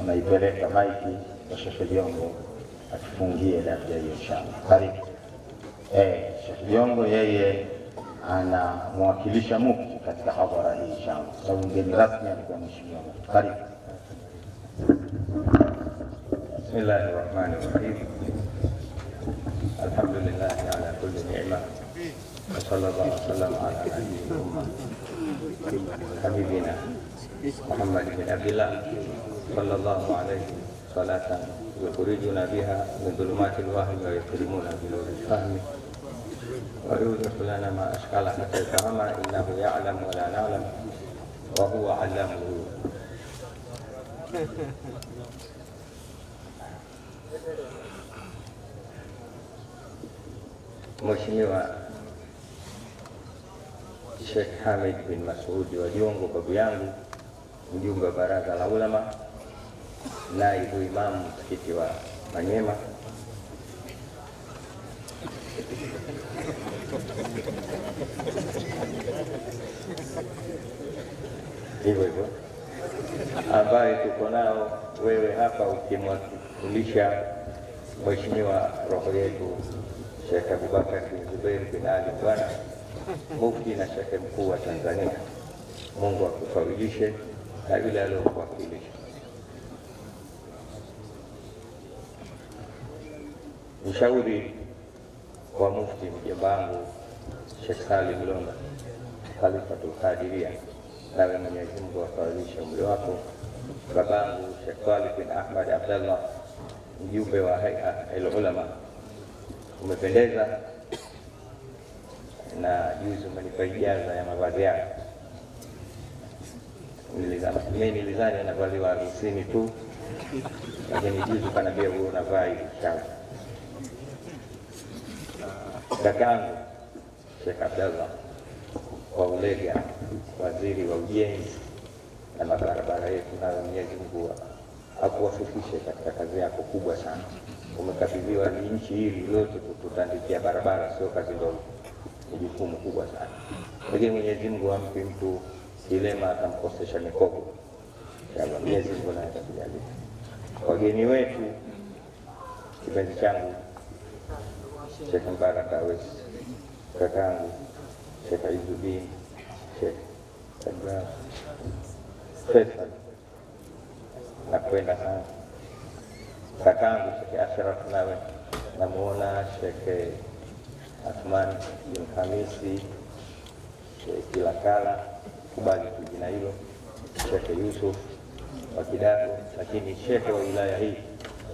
Unaipeleka maiki kwa Shekhe Jongo akifungie darsa hiyo inshallah. Karibu. Eh, Shekhe Jongo yeye anamwakilisha mufti katika hadhara hii inshallah, kwa sababu mgeni rasmi alikuwa mheshimiwa Karibu. Bismillahir Rahmanir Rahim. Alhamdulillah ala kulli ni'ma. Wa sallallahu wa ala nabiyyina Muhammad. Habibina محمد بن عبد الله صلى الله عليه صلاة يخرجنا بها من ظلمات الوهم ويكرمنا بنور الفهم ويوضح لنا ما أشكال حتى الفهم إنه يعلم ولا نعلم وهو علام الغيوب Mheshimiwa Sheikh Hamid bin Masudi wa Jongo, babu yangu mjumbe wa baraza la ulama, naibu imamu msikiti wa Manyema, hivyo hivyo ambaye tuko nao wewe hapa ukimwakilisha Mheshimiwa roho yetu Sheikh Abubakar bin Zubair bin Ali Bwana Mufti na Sheikh mkuu wa Tanzania. Mungu akufawilishe linalowakilisha mshauri wa mufti mjombangu Sheikh Salim Londa Khalifatul Qadiria, nawe Mwenyezi Mungu afadhilishe umri wako. Babangu Sheikh Talib bin Ahmad Abdallah, mjumbe wa Haia al-Ulama, umependeza na juzi umenipa ijaza ya mavazi yako mimi nilizani anavaliwa harusini tu, lakini juzi kanaambia huyo unavaa hivi shanga. Dakangu Sheikh Abdallah wa Ulega, waziri wa ujenzi na mabarabara yetu, nayo Mwenyezi Mungu akuwafikishe katika kazi yako kubwa sana. Umekabidhiwa nchi hili lote kututandikia barabara, sio kazi ndogo, ni jukumu kubwa sana, lakini Mwenyezi Mungu ampi mtu Silema akamkosesha mikopo aziakujalia wageni wetu. Kipenzi changu Sheikh Mbaraka Awesi, kakangu Sheikh Izudin, Sheikh na nakwenda sana kakangu Sheikh Ashraf, nawe namuona Sheikh Athman bin Hamisi, kila Kilakala kubali tu jina hilo Shekhe Yusuf wa Kidago, lakini shekhe wa wilaya hii,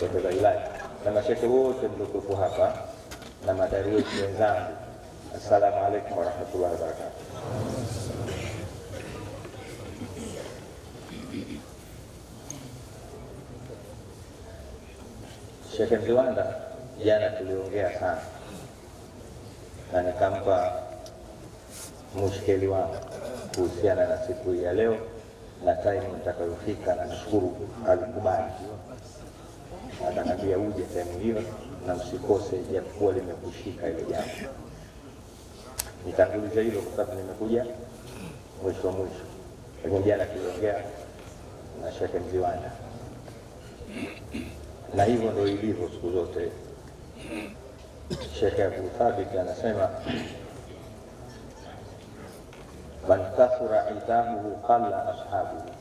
shekhe za wilaya na mashekhe wote mliokuwepo hapa na madari wetu wenzangu, assalamu alaikum warahmatullahi wabarakatu. Shekhe Mziwanda, jana tuliongea sana na nikampa mushkeli wangu kuhusiana na siku hii ya leo na taimu nitakayofika, na nashukuru alikubali, atakambia uje taimu hiyo na msikose, japokuwa limekushika ile jambo. Nitanguliza hilo kwa sababu nimekuja mwisho mwisho, lakini jana tuliongea na Shekhe Mziwanda, na hivyo ndio ilivyo siku zote. Shekhe Abuthabiti anasema bal kathura idhamuhu qalla ashabuhu,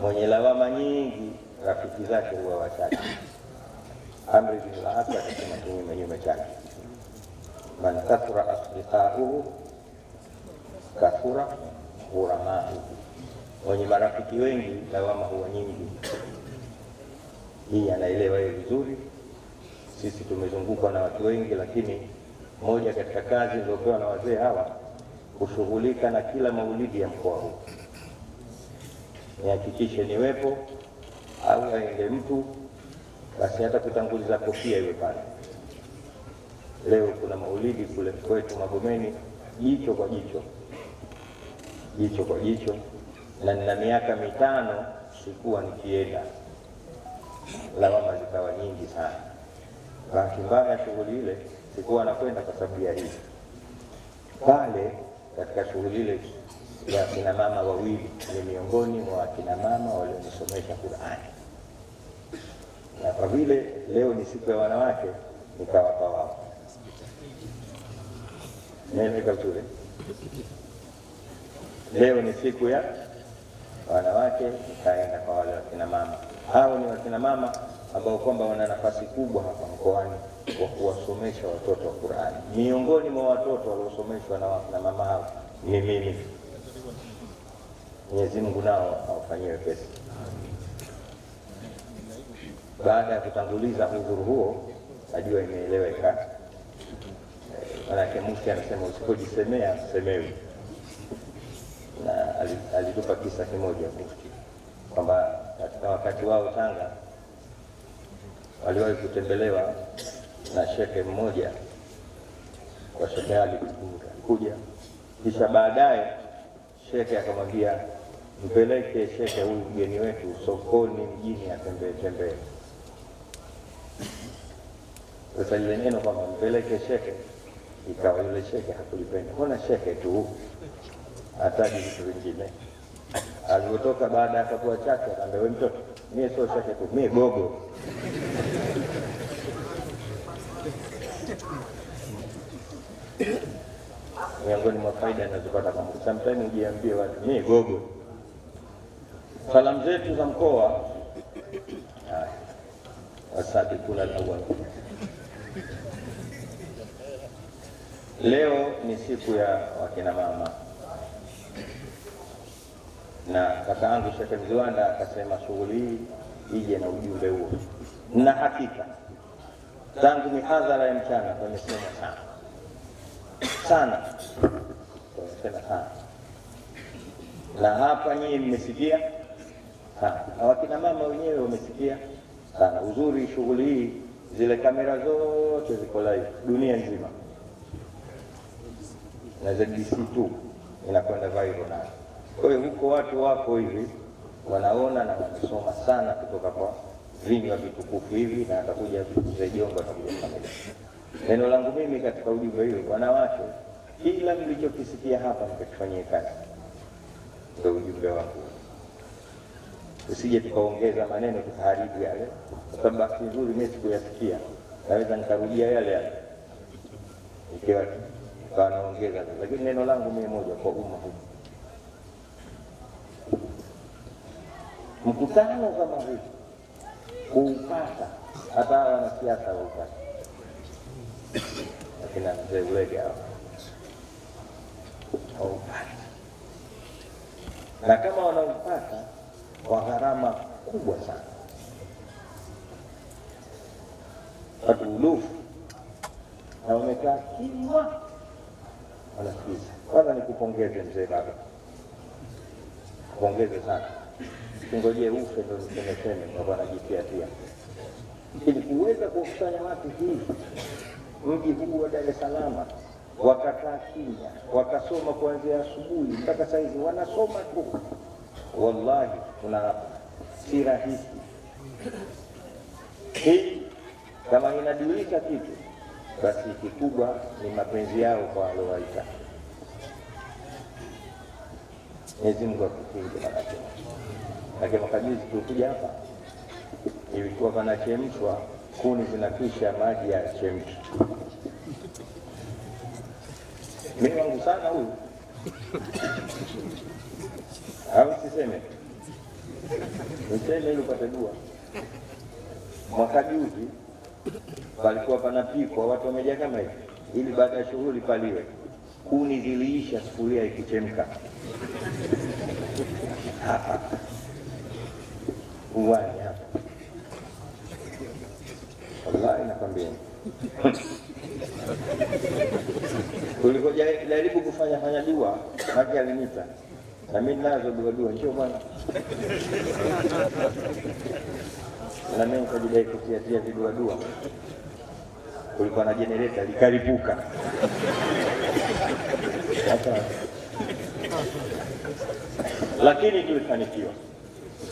mwenye lawama nyingi rafiki zake huwa wachache. Amri bin al-As akasema kinyumenyume chake, man kathura asdiqauhu kathura ghuramauhu, mwenye marafiki wengi lawama huwa nyingi. Hii anaelewa yeye vizuri. Sisi tumezungukwa na watu wengi lakini moja katika kazi zilizopewa na wazee hawa kushughulika na kila maulidi ya mkoa huu. Nihakikishe niwepo au aende mtu basi, hata kutanguliza kofia iwe pale. Leo kuna maulidi kule kwetu Magomeni, jicho kwa jicho, jicho kwa jicho, na nina miaka mitano sikuwa nikienda, lawama zikawa nyingi sana Bahati mbaya shughuli ile sikuwa nakwenda kwa sababu ya hii Pale katika shughuli ile ya kina mama wawili ni miongoni mwa kina mama walionisomesha Qur'ani, na kwa vile leo ni siku ya wanawake nikawapa wao nenekatule leo ni siku ya wanawake nikaenda kwa wale wakina mama. Hao ni wakina mama ambao kwamba wana nafasi kubwa hapa mkoani wa kuwasomesha watoto wa Qur'ani. Miongoni mwa watoto waliosomeshwa na, na mama hao ni mimi. Mwenyezi Mungu nao awafanyie wepesi. Baada ya kutanguliza udhuru huo, najua imeeleweka. Eh, Maanake mufti anasema usipojisemea semewi, na alitupa kisa kimoja mufti kwamba katika wakati wao Tanga waliwahi kutembelewa na shekhe mmoja kwa shekhe Ali kuja, kisha baadaye shekhe akamwambia mpeleke shekhe huyu mgeni wetu sokoni mjini atembee tembee. Sasa ile neno kwamba mpeleke shekhe, ikawa yule shekhe hakulipenda, mbona shekhe tu hataji vitu vingine. Alivyotoka baada ya chake akaambia, we mtoto, mie sio shekhe tu, mie gogo miongoni mwa faida nazopata kama sometimes ujiambie watu ni gogo. Salamu zetu za mkoa wasabi kula na Leo ni siku ya wakina mama na kaka yangu Shekhe Mziwanda akasema shughuli hii ije na ujumbe huo, na hakika tangu mihadhara ya mchana tumesema sana sana sema ha. na hapa nyinyi mmesikia na wakina mama wenyewe wamesikia sana. Uzuri shughuli hii, zile kamera zote ziko live dunia nzima, na ZBC2 inakwenda viral nayo. Kwa hiyo huko watu wako hivi wanaona na wanasoma sana kutoka kwa vinywa vitukufu hivi, na atakuja zaijomba atakuja kamera Neno langu mimi katika ujumbe hili, wanawake, kila mlichokisikia hapa mkakifanyie kazi. Ndio ujumbe wangu. Usije tukaongeza maneno tukaharibu yale, kwa sababu bahati nzuri mimi sikuyasikia, naweza nikarudia yale yale ikiwa tukawa naongeza, lakini neno langu mimi moja kwa umma huu, mkutano kama huu kuupata, hata wanasiasa waupata lakini mzee Ulege na kama wanaupata kwa gharama kubwa sana. Watu ulufu na wamekaa kimya, wanasikiza. Kwanza nikupongeze mzee baba, kupongeze sana. Singojee ufe ndo nisemeseme, anajipiatia ili kuweza kukusanya watu hivi mji huu wa Dar es Salaam wakakaa kimya, wakasoma kuanzia asubuhi mpaka saa hizi wanasoma tu. Wallahi kuna si rahisi hii. Kama inajulisha kitu, basi kikubwa ni mapenzi yao kwa walowaita. Mwenyezi Mungu atukinge. Manake makajuzi tulikuja hapa, ilikuwa panachemshwa kuni zinakwisha, maji yachemshi. Mimi wangu sana huyu au siseme, niseme ili upate dua. Mwaka juzi palikuwa panapikwa, watu wameja kama hivi, ili baada ya shughuli paliwe. Kuni ziliisha, sufuria ikichemka uwani hapa kambini kulikojaribu kufanya fanya dua maji alinita na mimi nazo dua dua, ndio bwana, na mimi nikajidai kutiatia vidua dua. Kulikuwa na jenereta likaripuka. lakini tulifanikiwa,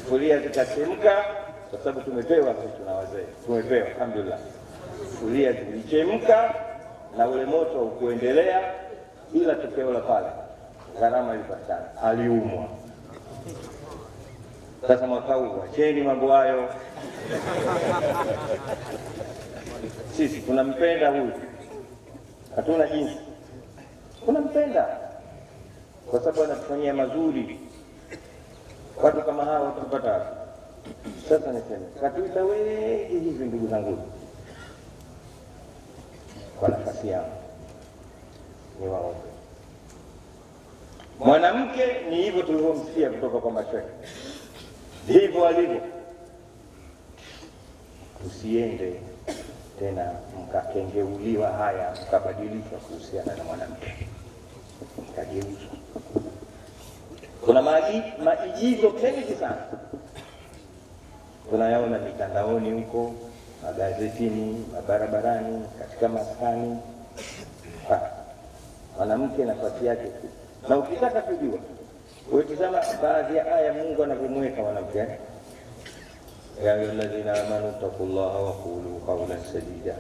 kulia zikasemka, kwa sababu tumepewa sisi, tuna wazee tumepewa, alhamdulillah kulia zilichemka na ule moto ukuendelea, ila tokeo la pale gharama ilipatikana aliumwa. Sasa mwaka huu wacheni mambo hayo. Sisi tunampenda huyu, hatuna jinsi, tunampenda kwa sababu anatufanyia mazuri. Watu kama hawa tupata. Sasa niseme katuita wengi hivi, ndugu zangu kwa nafasi yao. Ni waombe mwanamke, ni hivyo tulivyomsikia kutoka kwa mashehe, ndivyo alivyo. Usiende tena mkakengeuliwa haya mkabadilishwa kuhusiana na mwanamke, mkageuzwa. Kuna maigizo mengi sana tunayaona mitandaoni huko magazetini, mabarabarani, katika maskani. Mwanamke nafasi yake tu, na ukitaka kujua wetizama baadhi ya aya Mungu anavyomweka mwanamke ya ayyuhalladhina amanu taqullaha wa qulu qawlan sadida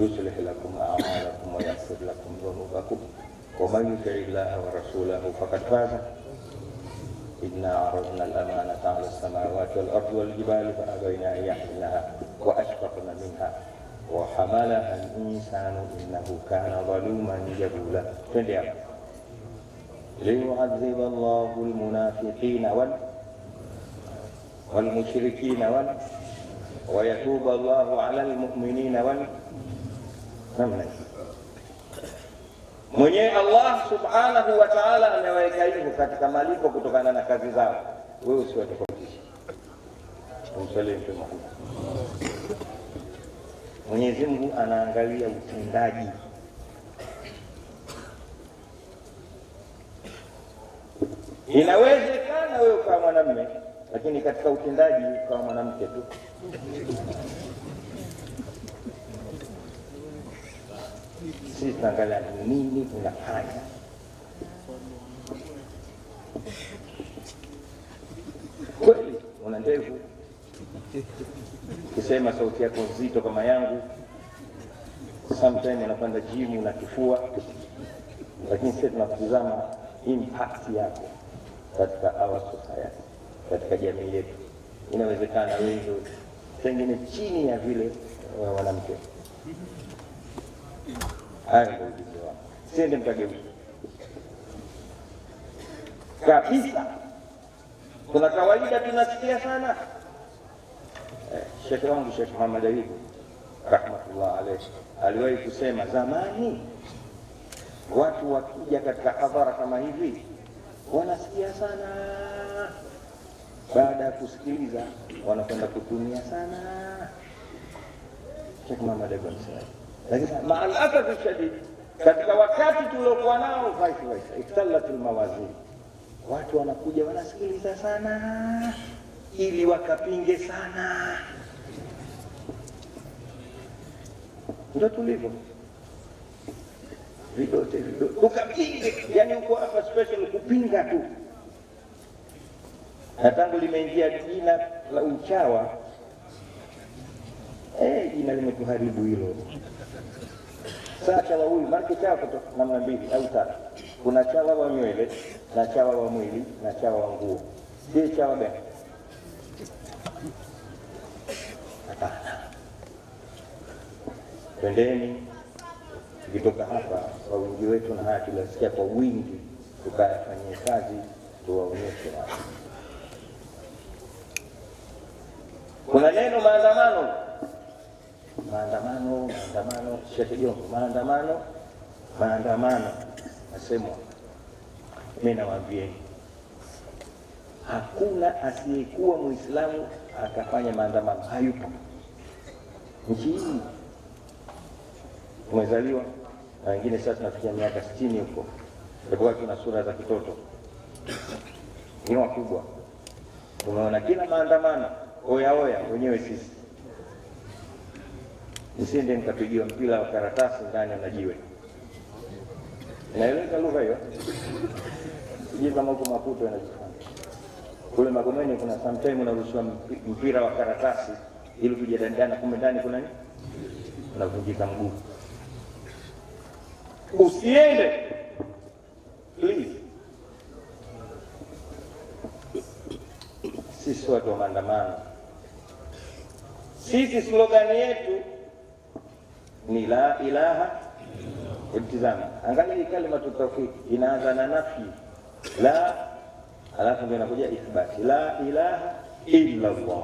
yuslih lakum a'malakum wa yaghfir lakum dhunubakum wa man yuti' illaha wa rasulahu faqad faza inna aradna al-amanata 'ala as-samawati wal-ardi wal-jibali fa abayna an yahmilnaha وأشفقن منها وحملها الإنسان إنه كان ظلوما جهولا ليعذب الله المنافقين وال والمشركين وال ويتوب الله على المؤمنين وال نعم، نعم. mwenyewe Allah subhanahu وتعالى ان amewaweka hivyo katika malipo kutokana na kazi zao wewe usiwatoka kumswalia Mtume mkubwa. Mwenyezi Mungu anaangalia utendaji. Inawezekana wewe ukawa mwanamume lakini katika utendaji ukawa mwanamke tu. Sisi tunaangalia ni nini tunafanya. Kweli una ndevu Ukisema sauti yako nzito kama yangu, sometimes anapanda jimu na kifua, lakini sisi tunatizama impact yako katika our society, katika jamii yetu. Inawezekana wewe pengine chini ya vile uh, mwanamke hayo ndio siende kabisa. Kuna kawaida tunasikia sana Shekhe wangu Shekh Muhammad Ayubu rahmatullah alayhi aliwahi kusema zamani, watu wakija katika hadhara kama hivi wanasikia sana, baada ya kusikiliza wanakwenda kutumia sana. Shekhe Muhammad Ali alisema, lakini maa alasafi shadid, katika wakati tuliokuwa nao vice versa, watu wanakuja wanasikiliza sana ili wakapinge sana. Ndio tulivyo vidote vidote, ukapinge yani uko hapa special kupinga tu, na tangu limeingia jina la uchawa eh, jina limetuharibu hilo. Saa chawa huyu, maana chawa kutoka namna mbili au tatu, kuna chawa wa nywele na chawa wa mwili na chawa wa nguo, si chawa gani? Twendeni tukitoka hapa kwa wingi wetu na haya tulasikia kwa wingi, tukayafanyie kazi, tuwaonyeshe watu. Kuna neno maandamano, maandamano, maandamano, Sheikh jongo maandamano, maandamano, nasemwa mimi nawaambieni, hakuna asiyekuwa Muislamu akafanya maandamano, hayupo nchi hii umezaliwa na wengine sasa tunafikia miaka sitini huko, tulikuwa tuna sura za kitoto. ni wakubwa, tumeona kila maandamano oya oya, wenyewe sisi. Nisende nikapigiwa mpira wa karatasi ndani ya majiwe. Naeleza lugha hiyo, sijui kama huko Maputo wanajifanya. Kule Magomeni kuna sometime unaruhusiwa mpira wa karatasi ili kujadiliana, kumbe ndani kuna nini, unavunjika mguu usiende Sisi watu wa maandamano, sisi slogani yetu ni la ilaha. Tizama, angalia kalima tutaufiki inaanza na nafi la, alafu ndio inakuja ithbati la ilaha illa Allah.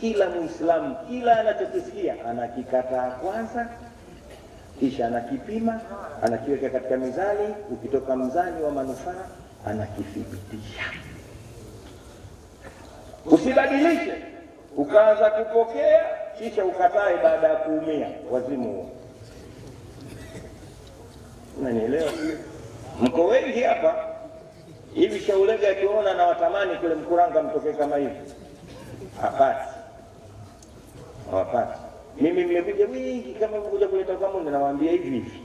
Kila Muislamu kila anachokisikia anakikataa kwanza kisha anakipima anakiweka katika mizani, ukitoka mzani wa manufaa anakithibitisha. Usibadilishe ukaanza kupokea kisha ukatae baada ya kuumia wazimu huo. Unanielewa? Mko wengi hapa hivi, Shaulega akiona na watamani kule Mkuranga mtokee kama hivi, hapati hawapati mimi nimekuja mingi kama kuja kuleta kwamo, ninawaambia hivi hivi,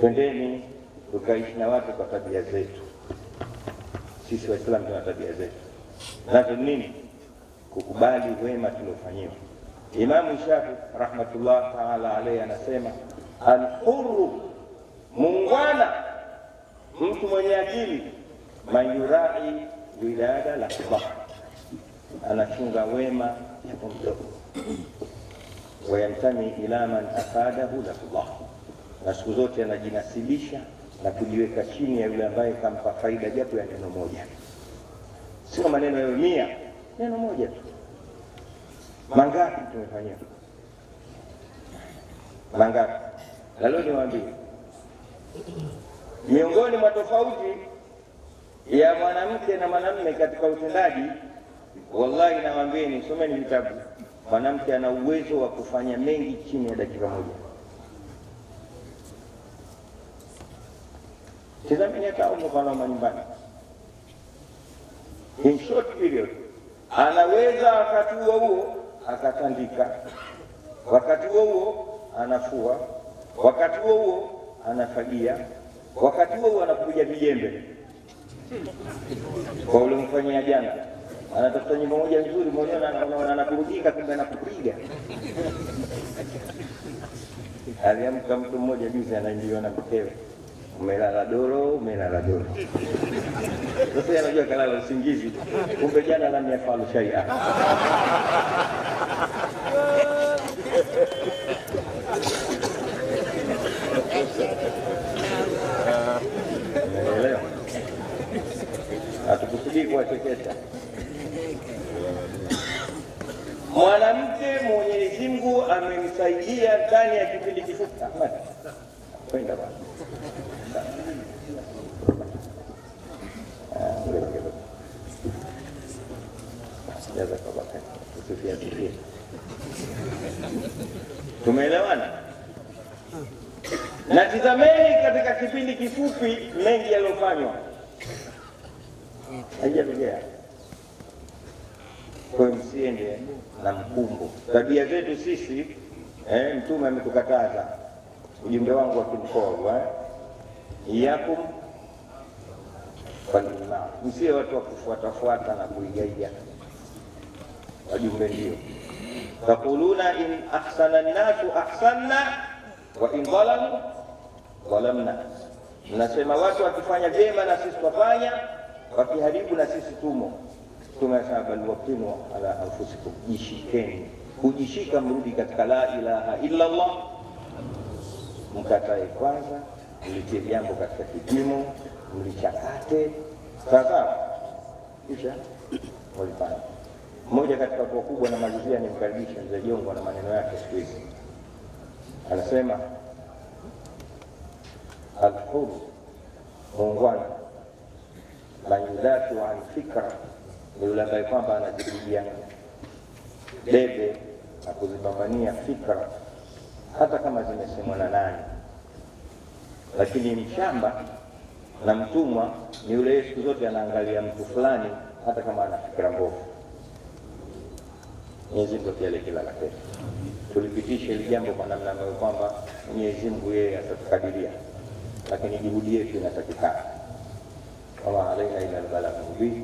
twendeni tukaishi na watu kwa tabia zetu. Sisi Waislamu tuna tabia zetu, nazo nini? Kukubali wema tuliofanyiwa. Imamu Shafi rahmatullah taala alayhi anasema alhuru, mungwana mtu mwenye akili, mayurai wilada la anachunga wema mdogo wayantami ila man afadahu lafullah, na siku zote anajinasibisha na kujiweka chini ya yule ambaye kampa faida japo ya neno moja, sio maneno yayo mia, neno moja tu. Mangapi tumefanyia mangapi? Na leo niwaambie, miongoni mwa tofauti ya mwanamke na mwanamume katika utendaji Wallahi nawaambieni, someni vitabu. Mwanamke ana uwezo wa kufanya mengi chini ya dakika moja. Tazameni hata Aumu nyumbani, in short period anaweza wakati huo huo akatandika, wakati huo huo anafua, wakati huo huo anafagia, wakati huo huo anakuja vijembe kwa ule mfanyia jana anatafuta nyumba moja nzuri, mwenyewe anakurudika kumbe anakupiga. Aliamka mtu mmoja juzi, anajiona mkewe, umelala doro, umelala doro. Sasa anajua kalala usingizi, kumbe jana lam yafalu shaia Hatukusudii kuwachekesha Mwanamke Mwenyezi Mungu amemsaidia ndani ya kipindi kifupi kwenda tumeelewana. Na tizameni katika kipindi kifupi mengi yaliyofanywa haijatokea, kwa msiende na mkumbo. Tabia zetu sisi eh, Mtume ametukataza, ujumbe wangu wa kimkoa eh? iyakum falima, msiwe watu wa kufuatafuata na kuigaiga wajumbe, ndio taquluna in ahsana nnasu ahsanna wa in dhalamu dhalamna, mnasema watu wakifanya vyema na sisi twafanya, wakiharibu na sisi tumo Mtume asema bal waqinu ala anfusikum, jishikeni. Kujishika mrudi katika la ilaha illa Allah, mkatae kwanza, mlitie jambo katika kipimo, mlichakate sawasawa, kisha walifanya mmoja katika kwa kubwa na malizia, mkaribisha mzee Jongo na maneno yake siku hizi, anasema alhuru, muungwana, man yudafia an fikra ni yule ambaye kwamba anajipigia debe na kuzipambania fikra hata kama zimesemwa na nani. Lakini mshamba na mtumwa ni yule siku zote anaangalia mtu fulani, hata kama ana fikra mbovu. Mwenyezi Mungu pia kila la kheri, tulipitishe hili jambo kwa namna ambayo kwamba Mwenyezi Mungu yeye atatukadiria, lakini juhudi yetu inatakikana. Wama alaina ila albalagh mubin